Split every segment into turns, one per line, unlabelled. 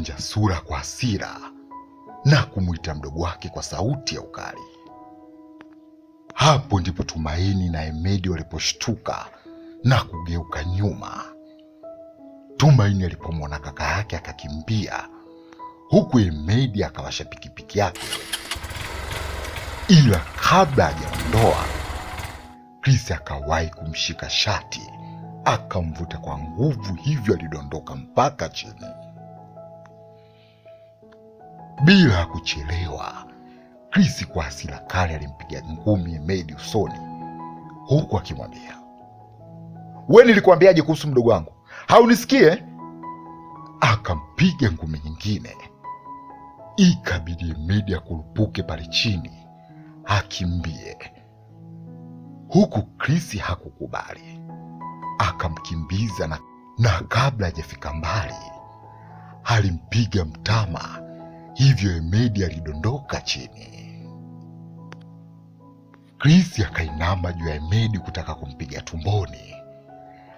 alikunja sura kwa hasira na kumwita mdogo wake kwa sauti ya ukali. Hapo ndipo Tumaini na emedi waliposhtuka na kugeuka nyuma. Tumaini alipomwona kaka yake akakimbia, huku emedi akawasha pikipiki yake, ila kabla hajaondoa Chris akawahi kumshika shati akamvuta kwa nguvu, hivyo alidondoka mpaka chini bila kuchelewa. Chris kwa hasira kali alimpiga ngumi emedi usoni huku akimwambia, we, nilikuambiaje kuhusu mdogo wangu? Haunisikie? Akampiga ngumi nyingine, ikabidi emedi akurupuke pale chini akimbie, huku Chris hakukubali, akamkimbiza na, na kabla hajafika mbali alimpiga mtama Hivyo emedi alidondoka chini. Chris akainama juu ya emedi kutaka kumpiga tumboni,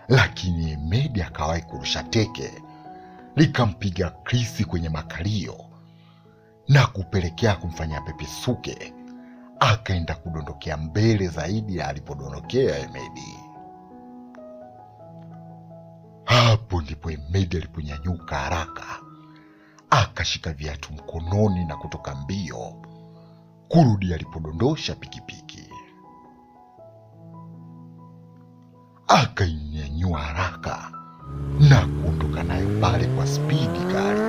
lakini emedi akawahi kurusha teke likampiga Chris kwenye makalio na kupelekea kumfanya pepesuke. Akaenda kudondokea mbele zaidi ya alipodondokea emedi Hapo ndipo emedi aliponyanyuka haraka akashika viatu mkononi na kutoka mbio kurudi alipodondosha pikipiki. Akainyanyua haraka na kuondoka nayo pale kwa spidi gari.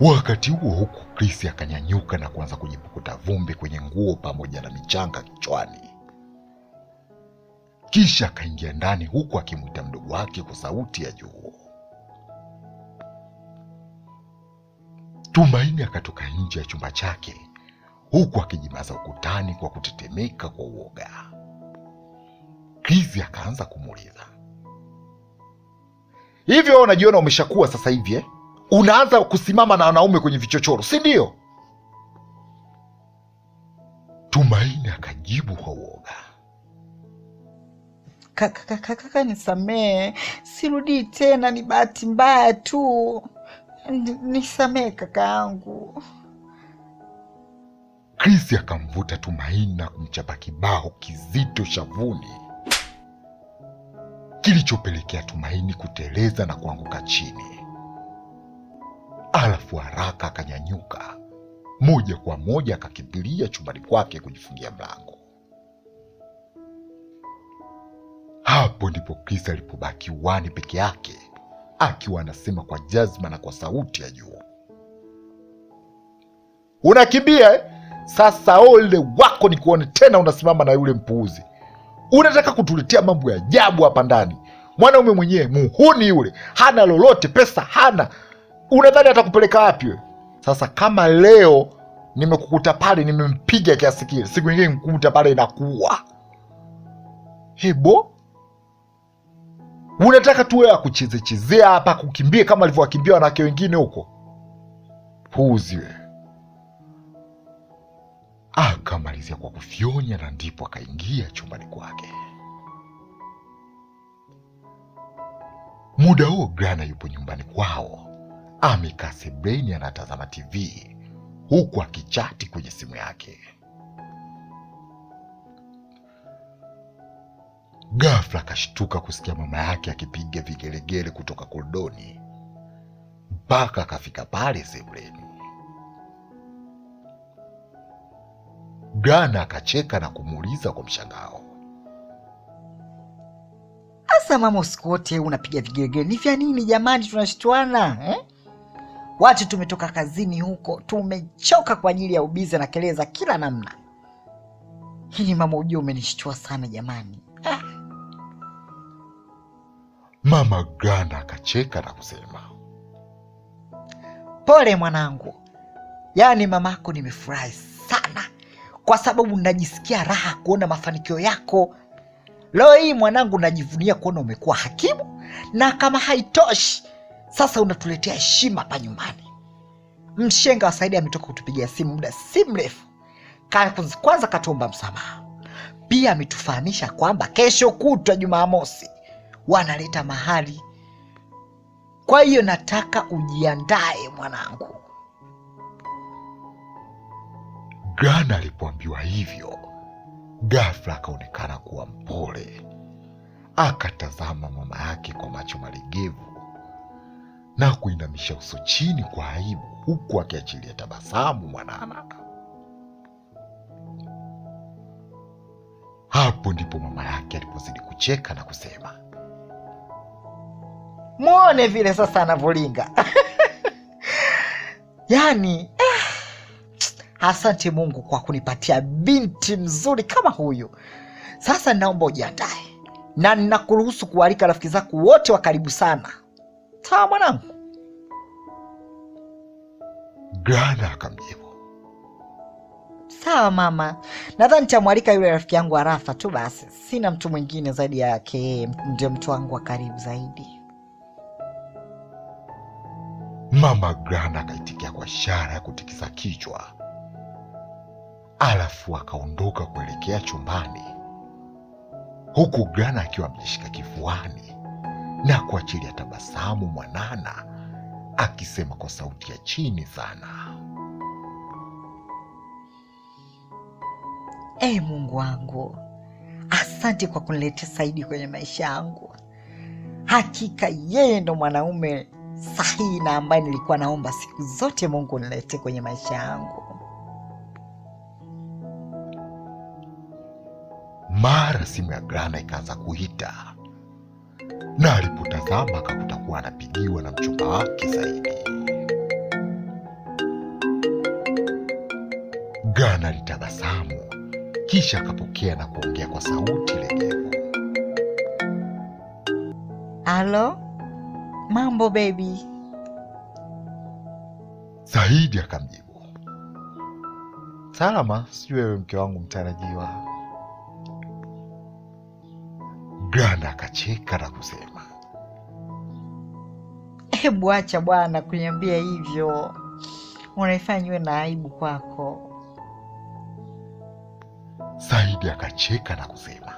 Wakati huo huku krisi akanyanyuka na kuanza kujipukuta vumbi kwenye nguo pamoja na michanga kichwani, kisha akaingia ndani huku akimwita mdogo wake kwa sauti ya juu. Tumaini akatoka nje ya chumba chake huku akijimaza ukutani kwa kutetemeka kwa uoga. Kizi akaanza kumuuliza, hivyo unajiona umeshakuwa sasa hivi eh? Unaanza kusimama na wanaume kwenye vichochoro, si ndio? Tumaini akajibu kwa uoga,
kaka, kaka, kaka nisamee, sirudii tena, ni bahati mbaya tu nisamee yangu.
Krisi akamvuta Tumaini na kumchapa kibao kizito shavuni kilichopelekea Tumaini kuteleza na kuanguka chini, alafu haraka akanyanyuka moja kwa moja akakimbilia chumbani kwake kujifungia mlango. Hapo ndipo Krisi alipobaki uani peke yake akiwa anasema kwa jazma na kwa sauti ya juu. Unakimbia eh? Sasa ole wako nikuone tena unasimama na yule mpuuzi. Unataka kutuletea mambo ya ajabu hapa ndani. Mwanaume mwenyewe muhuni yule, hana lolote, pesa hana, unadhani atakupeleka wapi Sasa kama leo nimekukuta pale, nimempiga kiasi kile, siku nyingine nikukuta pale inakuwa hebo Unataka tuwe akuchezechezea hapa kukimbia kama alivyowakimbia wanawake wengine huko? Puuzi wewe! Akamalizia ah, kwa kufyonya, na ndipo akaingia chumbani kwake. Muda huo Grana yupo nyumbani kwao, amekaa sebreni, anatazama TV huku akichati kwenye simu yake. Ghafla akashtuka kusikia mama yake akipiga vigelegele kutoka kordoni mpaka akafika pale sebuleni. Gana akacheka na kumuuliza kwa mshangao,
asa mama, usiku wote unapiga vigelegele ni vya nini jamani? Tunashtuana eh? Watu tumetoka kazini huko, tumechoka kwa ajili ya ubiza na kelele za kila namna. Hii mama, ujue umenishtua sana jamani.
Mama Ganda akacheka na kusema,
pole mwanangu, yaani mamako nimefurahi sana kwa sababu najisikia raha kuona mafanikio yako. Leo hii mwanangu, najivunia kuona umekuwa hakimu, na kama haitoshi sasa unatuletea heshima pa nyumbani. Mshenga wa Saidi ametoka kutupigia simu muda si mrefu, kwanza katuomba msamaha, pia ametufahamisha kwamba kesho kutwa Jumamosi wanaleta mahali. Kwa hiyo nataka ujiandae mwanangu.
Gana alipoambiwa hivyo, gafla akaonekana kuwa mpole, akatazama mama yake kwa macho malegevu na kuinamisha uso chini kwa aibu, huku akiachilia tabasamu mwanana. Hapo ndipo mama yake alipozidi kucheka na kusema
muone vile sasa anavyolinga yani eh, asante Mungu kwa kunipatia binti mzuri kama huyu. Sasa naomba ujiandae na ninakuruhusu kualika rafiki zako wote wa karibu sana, sawa mwanangu?
Grana akamjibu
sawa mama, nadhani tamwalika yule rafiki yangu Arafa tu basi, sina mtu mwingine zaidi yake, ndio mtu wangu wa karibu zaidi.
Mama Grand akaitikia kwa ishara ya kutikisa kichwa, alafu akaondoka kuelekea chumbani, huku Grand akiwa amejishika kifuani na kuachilia tabasamu mwanana, akisema kwa sauti ya chini sana,
e Mungu wangu, asante kwa kuniletea Saidi kwenye maisha yangu. Hakika yeye ndo mwanaume sahihi na ambaye nilikuwa naomba siku zote Mungu nilete kwenye maisha yangu.
Mara simu ya Grana ikaanza kuita, na alipotazama akakuta kuwa anapigiwa na mchumba wake zaidi Grana alitabasamu kisha akapokea na kuongea kwa sauti legevu,
halo mambo bebi?
Saidi akamjibu, salama, sijui wewe mke wangu mtarajiwa. Granda akacheka na kusema,
hebu acha bwana kuniambia hivyo, unaifanya niwe na aibu kwako.
Saidi akacheka na kusema,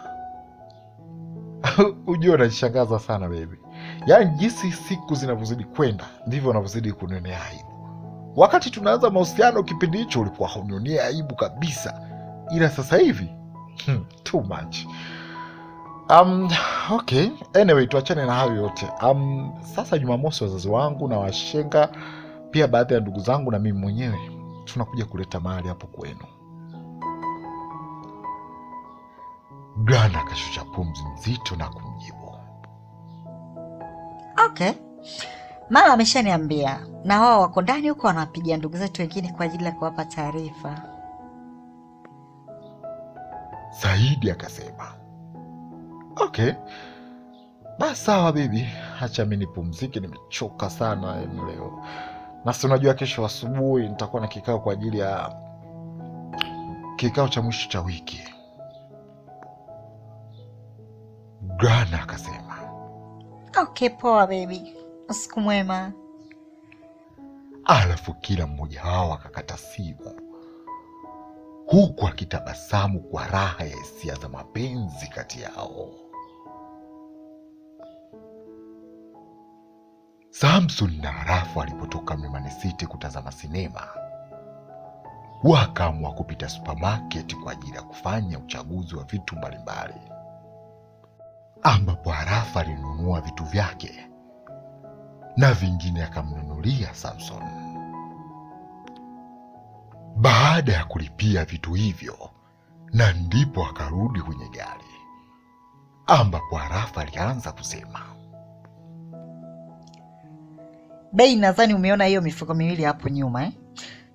ujue unajishangaza sana bebi Yaani jinsi siku zinavyozidi kwenda ndivyo wanavyozidi kunionea aibu. Wakati tunaanza mahusiano, kipindi hicho ulikuwa haunionea aibu kabisa, ila sasa hivi hmm, too much. Um, okay, anyway tuachane na hayo yote. Um, sasa Jumamosi wazazi wangu na washenga pia baadhi ya ndugu zangu na mimi mwenyewe tunakuja kuleta mahali hapo kwenu. Gana akashusha pumzi nzito na kumjibu
Okay. Mama ameshaniambia na wao wako ndani huko wanawapigia ndugu zetu wengine kwa ajili ya kuwapa taarifa.
Saidi akasema okay, basi sawa bibi, acha mi nipumzike, nimechoka sana leo, nasi unajua kesho asubuhi nitakuwa na kikao kwa ajili ya kikao cha mwisho cha wiki. Gana akasema
Okay, poa baby, usiku mwema.
Alafu kila mmoja wao akakata simu huku akitabasamu kwa raha ya hisia za mapenzi kati yao. Samson na arafu walipotoka Mlimani City kutazama sinema, wakaamua kupita supermarket kwa ajili ya kufanya uchaguzi wa vitu mbalimbali ambapo Harafa alinunua vitu vyake na vingine akamnunulia Samson. Baada ya kulipia vitu hivyo, na ndipo akarudi kwenye gari, ambapo Harafa alianza kusema,
bei nadhani umeona hiyo mifuko miwili hapo nyuma eh?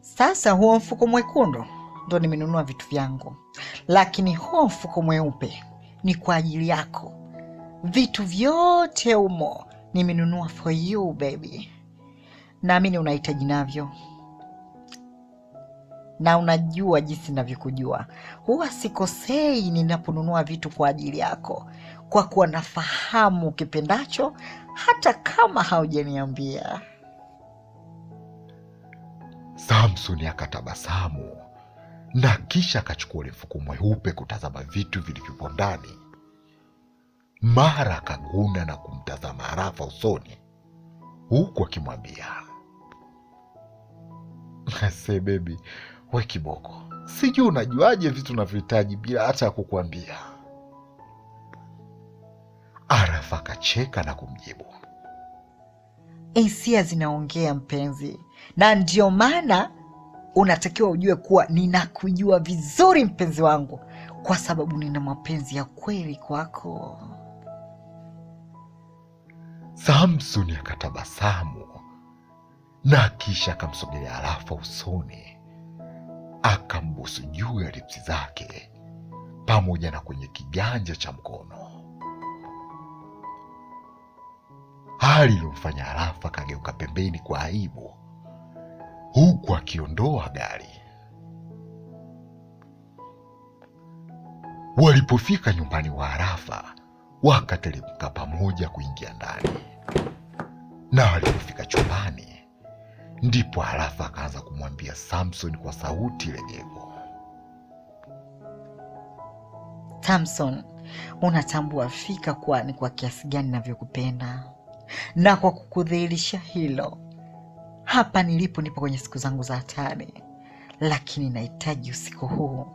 Sasa huo mfuko mwekundu ndo nimenunua vitu vyangu, lakini huo mfuko mweupe ni kwa ajili yako Vitu vyote humo nimenunua for you baby, naamini unahitaji navyo na unajua jinsi ninavyokujua, huwa sikosei ninaponunua vitu kwa ajili yako, kwa kuwa nafahamu kipendacho hata kama haujaniambia.
Samsoni akatabasamu na kisha akachukua urefuku mweupe kutazama vitu vilivyopo ndani. Mara akagunda na kumtazama Arafa usoni, huku akimwambia se, bebi we kiboko, sijui unajuaje vitu navyohitaji bila hata ya kukuambia. Arafa akacheka na kumjibu,
hisia zinaongea mpenzi, na ndio maana unatakiwa ujue kuwa ninakujua vizuri mpenzi wangu, kwa sababu nina mapenzi ya kweli kwako.
Samsoni akatabasamu na kisha akamsogelea Rafa usoni, akambusu juu ya lipsi zake pamoja na kwenye kiganja cha mkono, hali iliyomfanya Rafa kageuka pembeni kwa aibu, huku akiondoa gari. Walipofika nyumbani wa Arafa wakateremka pamoja kuingia ndani na walipofika chumbani ndipo halafu akaanza kumwambia Samson kwa sauti legevu,
Samson, unatambua fika kuwa ni kwa kiasi gani navyokupenda, na kwa kukudhihirisha hilo, hapa nilipo nipo kwenye siku zangu za hatari, lakini nahitaji usiku huu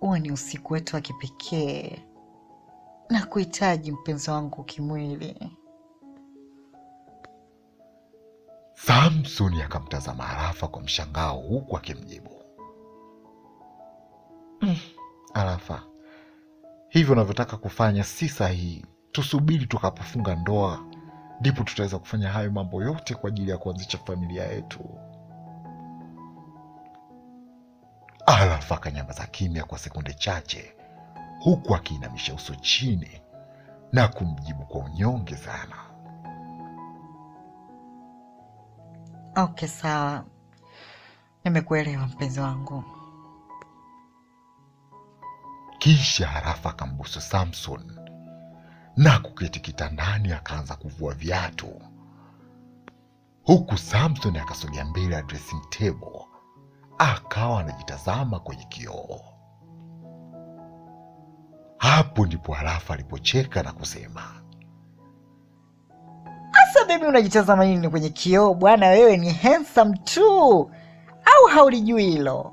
huwe ni usiku wetu wa kipekee. na kuhitaji mpenzo wangu kimwili.
Samsoni akamtazama Arafa kwa mshangao huku akimjibu, mm, Arafa, hivyo unavyotaka kufanya si sahihi. Tusubiri tukapofunga ndoa ndipo tutaweza kufanya hayo mambo yote kwa ajili ya kuanzisha familia yetu. Arafa akanyamaza kimya kwa sekunde chache, huku akiinamisha uso chini na kumjibu kwa unyonge sana.
Okay, sawa, nimekuelewa mpenzi wangu.
Kisha Rafa akambusu Samson na kuketi kitandani, akaanza kuvua viatu huku Samson akasogea mbele ya dressing table akawa anajitazama kwenye kioo. Hapo ndipo Rafa alipocheka na kusema
baby, unajitazama nini kwenye kioo bwana? Wewe ni handsome tu, au haulijui hilo?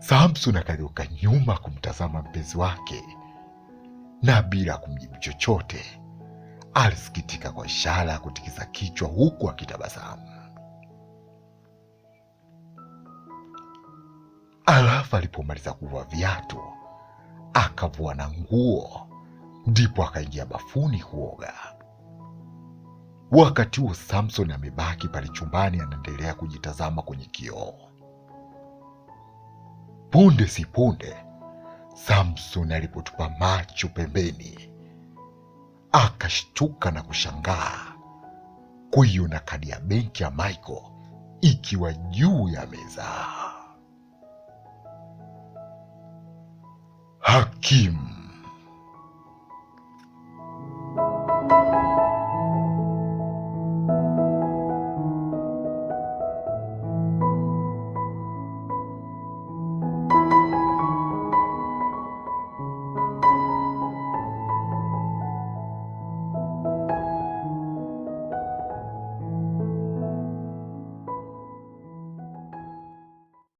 Samson akageuka nyuma kumtazama mpenzi wake, na bila kumjibu chochote alisikitika kwa ishara ya kutikisa kichwa huku akitabasamu. Alafu alipomaliza kuvua viatu akavua na nguo, ndipo akaingia bafuni kuoga. Wakati huo Samson amebaki pale chumbani, anaendelea kujitazama kwenye kioo. Punde si punde, Samson alipotupa macho pembeni akashtuka na kushangaa kuiona kadi ya benki ya Michael ikiwa juu ya meza. Hakimu